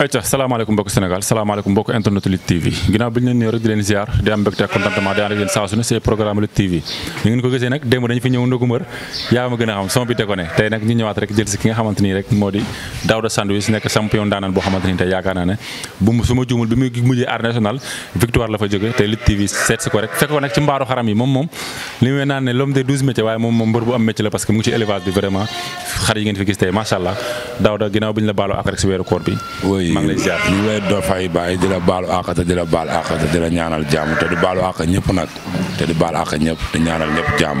ayca salaamaaleykum mbokk Sénégal salaamaaleykum internet Lutte TV ginnaaw bi ñu leen rek di leen di am mbégte ak contentement di ànd ak su ne seen programme Lutte TV ñu ngeen ko gisee nag démb dañu bu su ma juumul bi muy mujjee arène nationale victoire la fa jóge tey Lutte TV seet si ko rek fekk ko nag ci mbaaru xaram yi moom moom li muy naan ne l'homme des douze waaye moom mbër bu am métier la parce que mu ngi ci élevage bi vraiment xar yi ngeen fi gis tey macha allah Daouda maa ngi lay ziar ñu lay doo fay bàyyi di la baalu àq te di baal àq te ñaanal jàmm te di baalu àq ñëpp nag te di baal àq ñëpp di ñaanal ñëpp jàmm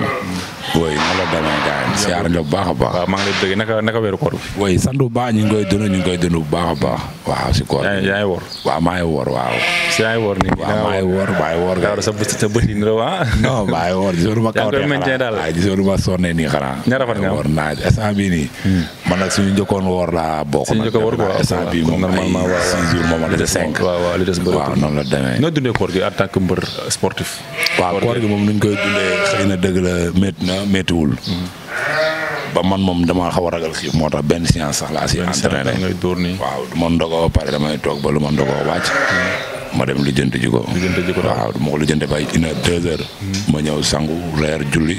woy na la demee gars yi siyaar nga bu baax a baax maa ngi lay bëgg naka naka weeru koor bi woy sant bu baax ñu ngi koy dund ñu ngi koy dund bu a baax waaw si koor yaa ngi woor waaw maa ngi woor waaw nii waaw maa ngi woor maa ngi woor gaaw sa bët sa bët yi niroo ah non maa ngi woor gisoonu daal gisoonu ma sonne nii xanaa ñaar rafet nga woor naa instant bii man nag suñu njëkkoon woor laa bokk. suñu njëkkoon woor quoi instant bii moom ay six jours moom li des bëri waaw noonu la dundee koor gi en tant mbër sportif. waaw koor gi moom nuñ koy dundee xëy na dëgg la métti na méttiwul. Hmm. ba man moom damaa xaw a ragal moo tax benn séance sax laa si entraîné waaw du ma ndogoo pare damay toog ba lu ma ndogoo wàcc hmm. ma dem lijjanti ji ko waaw du ma ko lijjanti bay une heure deux heures hmm. ma ñëw sangu reer julli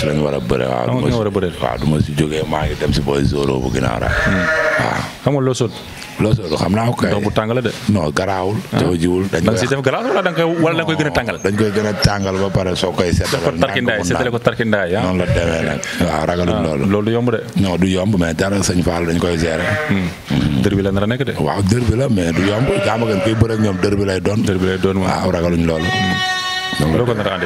si lañ war a bëre waaw du ma war a bëre waaw du ma dem si booy zoro bu ginnaaw raay hmm. waaw xam nga loo sot loo sot xam naa ko kay donc bu de non garaawul dafa ah. jiwul dañ koy si def garaawul wala da nga koy wala da koy gën a tàngal a tàngal ba pare soo koy seetal tarkindaay seetale ko tarkindaay ah. noonu la demee nag waaw ragalul ah, loolu yomb de non du yomb mais dara sëñ Fall dañ koy gérer hmm. Hmm. dër bi la nar a nekk de waaw dër bi la mais du yomb jaamagan koy bëre ñoom dër bi lay doon dër bi lay doon waaw ragaluñ loolu loo ko nar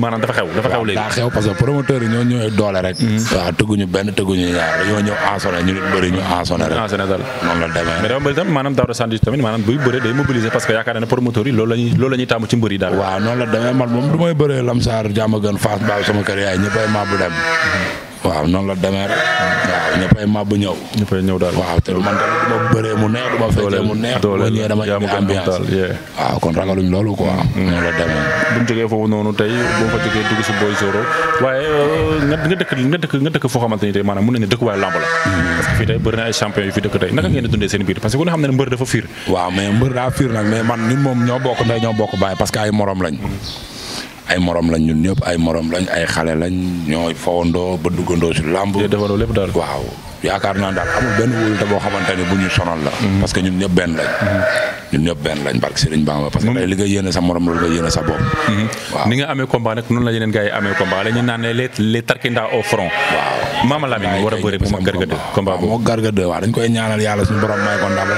maanaam dafa xew dafa xew léegi daa xew promoteur yi ñoo doole rek mhm. waaw tëgguñu benn tëgguñu ñaar ñoo ñëw ensonné ñu nit bëri ñu ensonné rek ensonné daal noonu la demee mais dama bëri tam maanaam Daouda Sandwich tamit maanaam buy bëre day mobiliser parce que yaakaar ne promoteur yi loolu lañuy loolu ci mbër daal waaw noonu la demee man moom du may bëree lamsaar jàmm gën Fass Mbaw sama kër yaay ñëppay maa bu dem mhm. waaw noonu la demee rek. waaw ñëppay màbb ñëw. ñëppay ñëw daal waaw mu neex du ma fekkee kon ragaluñ loolu quoi. Mm-hmm. noonu la demee. bu ñu jógee noonu tey boo fa jógee dugg si Boy Zoro waaye euh, nga nga dëkk nga dëkk nga dëkk foo xamante ni tey maanaam mun nañu dëkk waaye lamb la. Mm-hmm. parce que fii tey bëri ay champion yu fi dëkk tey naka ngeen dundee seen biir parce que ku ne xam ne mbër dafa fiir. waaw mais mbër daa fiir nag mais man ñun moom ñoo bokk ndey ñoo bokk baay parce que ay morom ay morom lañ ñun ñëpp ay morom lañ ay xale lañ ñooy fawandoo ba duggandoo si làmb. defandoo lépp daal waaw. yaakaar naa daal amul benn wóolute boo xamante ne bu ñu sonal la. Mhm. parce que ñun ñëpp benn lañ. Mhm. ñun ñëpp parce que tey li nga yéene sa morom loolu nga yéene sa bopp. Mhm. waaw ni nga amee combat nag noonu la yeneen gars amee combat ma gargaare combat boobu moo gargaare waaw dañ koy ñaanal yàlla suñu borom may ko ndam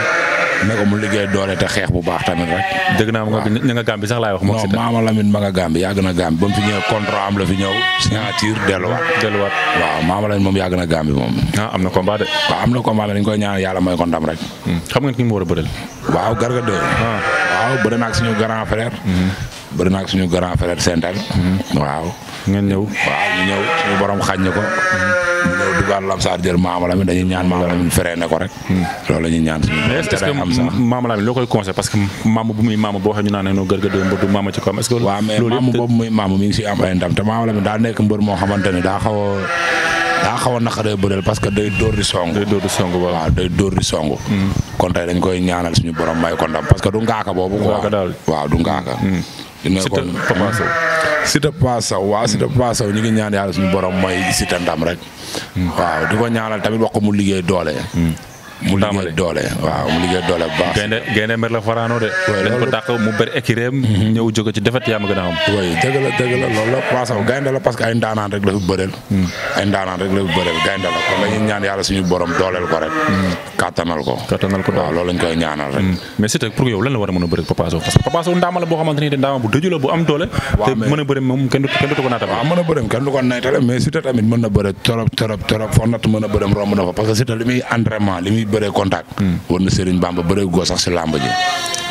ne ko mu liggéey doole te xeex bu baax tamit rek. dëgg naa ma nga nga sax laay wax. moom non Maama Lamine ma nga Gambie yàgg na Gambie fi ñëwee contrat am la fi ñëw signature delluwaat. delluwaat waaw Maama Lamine moom yàgg na Gambie moom. ah am na combat de. waaw am na combat dañ koy ñaan yàlla mooy ko ndam rek. Hmm. xam nga ki mu war a bëreel. waaw Garga 2. Ah. waaw bëri na ak suñu grand frère. Hmm. bëri na ak suñu grand frère Sentel. Hmm. waaw ngeen ñëw. waaw ñu ñëw suñu borom ko. Gaal Lamsaar jël Maama Lamine dañuy ñaan Maama Lamine freiné ko rek. Hmm. loolu la ñaan suñu. mais est-ce koy conseillé parce que maama bu muy maama boo waxee naan ne Garga de mbër du mi ngi nekk mbër moo xamante daa xaw a daa xaw a naqaree bëreel parce que day dóor di song. day dóor di song waaw day hmm. kon tey dañ koy ñaanal suñu borom may ko ndam parce que du ngaaka boobu. waaw du ngaaka hmm. Siteu Papa Sow Siteu Papa Sow waaw Siteu ñu ngi ñaan yàlla suñu borom mooy Siteu ndam rek hmm. waaw di ko ñaanal tamit wax ko mu liggéey doole hmm. mu liggéey doole waaw gaynde gaynde la faraanoo de. dañ ko dàq mu bëri écuréem mhm. ñëw jóge ci defet yaa ma gën a am. oui la dëgg la loolu la gaynde la parce que ay ndaanaan rek la fi bëreel. Hmm. gaynde la kon la ñaan yàlla suñu borom dooleel ko rek. Hmm. kattanal ko. ko waaw loolu koy ñaanal rek. Hmm. mais c'est pour tamit mën na bëri trop trop trop foo mën a bëri romb na fa parce que Siteu li muy entraînement li bëree contact. Hmm. war na Serigne Bamba bëree goo sax si làmb ji.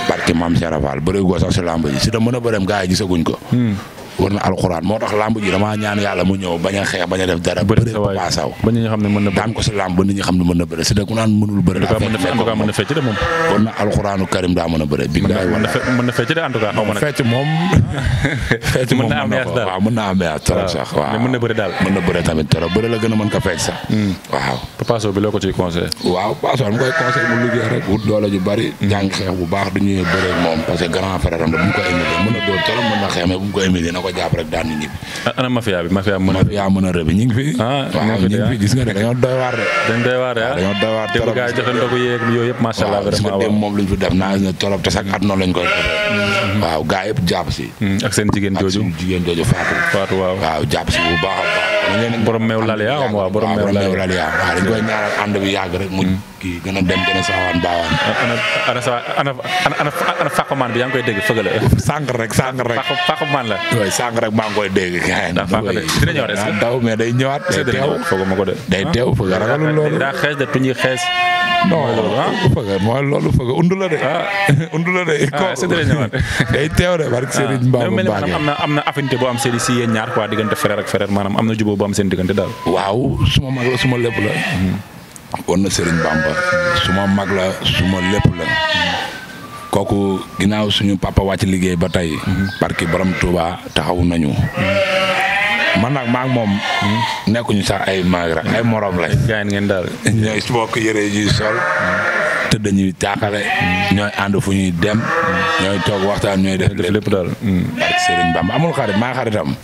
barke maam Serapal bëree goo sax si làmb ji si da a bëreem ko. Hmm. war na alxuraan moo tax làmb ji damaa ñaan a xeex bañ a def a xam ne mën na bëri si làmb ko mën na fecc a bëri. bi na fe mën na fecc de en ma nag fecc moom. fecc moom mën na am yaas daal na am daal. mën na bëri tamit trop bëri la gën a mën ko fecc sax. waaw. Papa Sow ko ciy conseillé. waaw Papa Sow mu koy conseillé mu liggéey rek wut doole ju bari. jàng xeex bu baax du ñuy bëri moom parce que grand am la bu ko émulé mën na dóor trop mën na xeex mais bu ko émulé na ko jàpp rek daan ñu ñibbi. Ah, ana mafia bi mën a. mafia mën a rëbbi ñu ngi fi. ah ñu ngi fi gis nga de dañoo doy waar de. dañ doy waar de ah dañoo doy waar trop. gaa yi joxe ndogu yeeg yooyu yëpp macha allah. vraiment waaw gis nga dem waaw mm-hmm. gaa yëpp jàpp si. Mm, ak seen jigéen jooju ak seen waaw waaw si bu baax a borom meew Laliya ah, xam waaw borom meew Laliya waaw dañ koy ñaanal ànd bi yàgg rek mu kii gën a dem gën a saawaan baawaan. ana ana ana ana fàqmaan bi yaa ngi koy dégg fëgg la. sànq rek sànq rek fàq fàqmaan la. waay sànq rek maa ngi koy dégg. daa fàq de dina ñëwaat est-ce que daw day ñëwaat. day teew foogoo ma ko de. day ah. teew foogoo ragalul loolu daa xees de tuñuy xees. non loolu ah bu fëgg mooy loolu undu la de. undu la de kooku day teew de barke Serigne Mbamba am na am na affinité boo am seen si yéen ñaar quoi diggante frère ak frère maanaam am na jubóo boo am seen diggante daal. waaw suma mag la suma lépp la. woon na Serigne Bamba suma mag la suma lépp la. kooku ginnaaw suñu papa wàcc liggéey ba tey. parki que borom Touba taxaw nañu. man nag maa moom hmm, nekkuñu sax ay magra ay morom lañ. gaañ ngeen daal ñooy bokk yëre yi sol. te dañuy taakale. ñooy ànd fu ñuy dem. ñooy toog waxtaan ñooy def lépp daal. Hmm. ak Serigne Bamba amul xarit maa xaritam.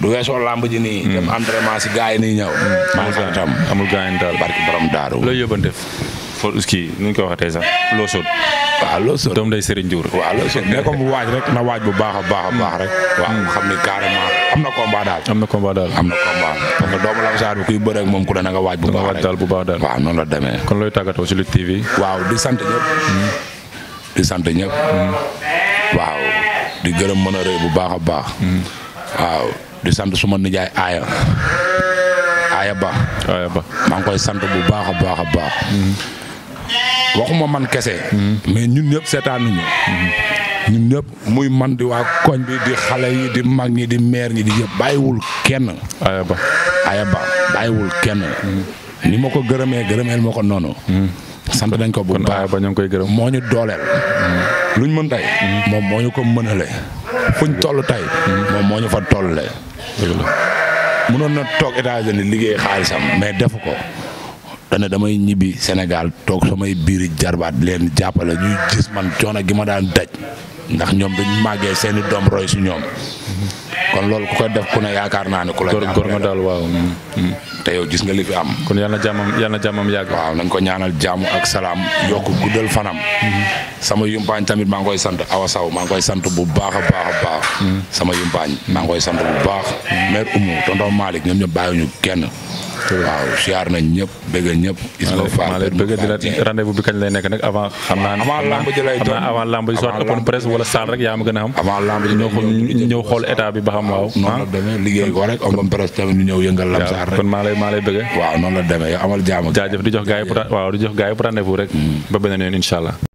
du weesoo làmb ji nii. Hmm. dem entraînement si gars yi nii ñëw. maa xaritam amul gaañ daal barki borom daaru. looy yóbbante fo kii nu ñu ko waxee tey sax loo sóot. waaw loolu sonn doom day bu waaj rek na waaj bu baax a baax a baax rek. waaw hmm. xam ni carrément am na combat am na combat daal am na combat. parce que doomu lamsaar bi kuy bëre ak moom ku ne na nga waaj. bu baax rek daal bu baax daal. waaw noonu la demee. kon looy tàggatoo si Lutte waaw di sant ñëpp. Hmm. di sant ñëpp. Hmm. waaw di gërëm mën a rëy bu baax a baax. waaw di sant suma nijaay aaya aaya ba maa ngi koy sant bu baax a baax a baax. waxuma man kese. mais ñun ñëpp seetaanuñu. ñun ñëpp muy man di waa koñ bi di xale yi di mag ñi di meer ñi di yëpp bàyyiwul kenn. ayaba ayaba bàyyiwul kenn. ni ma ko gërëmee gërëmeel ma ko noonu. sant dañ ko bu baax ba ayaba ñu ngi koy gërëm moo ñu dooleel. luñ mën tey. moom moo ñu ko mënale. fuñ toll tey. moom moo ñu fa toll le. mënoon na toog États-Unis liggéey xaalisam mais defu ko. dana damay ñibbi senegal toog samay biiri jarbaat leen jàppale ñuy gis man coono gi ma daan daj ndax ñoom dañ màggee seen i doom roy ñoom kon loolu ku ko def ku ne yaakaar naa ne ku la góor daal hmm. te yow gis nga li fi am kon yàlla na jàmmam yàlla na jàmmam yàgg waaw nañ ko ñaanal jàmm ak salaam yokk guddal fanam hmm. sama yumpaañ tamit maa ngi koy sant Awa Saw maa ngi koy sant bu baax a baax a baax hmm. sama yumpaañ maa ngi koy sant bu baax maire Oumou tonton Malick ñoom ñëpp bàyyiwuñu kenn waaw siyaar nañ ñëpp bëgg ñëpp. Isma Fall bëgg di la rendez bi kañ lay nekk nag avant. xam naa avant lamb ji lay avant lamb ji soit open wala salle rek yaa gën a xam. ñëw xool état bi ba xam waaw. noonu la ah? demee liggéey ko rek open press tamit ñu ñëw yëngal lam saar rek kon maa lay maa waaw noonu la demee yow amal jaamu. jaajëf di jox gars yi pour waaw di jox gars yi pour rek. Mm. ba beneen yoon allah.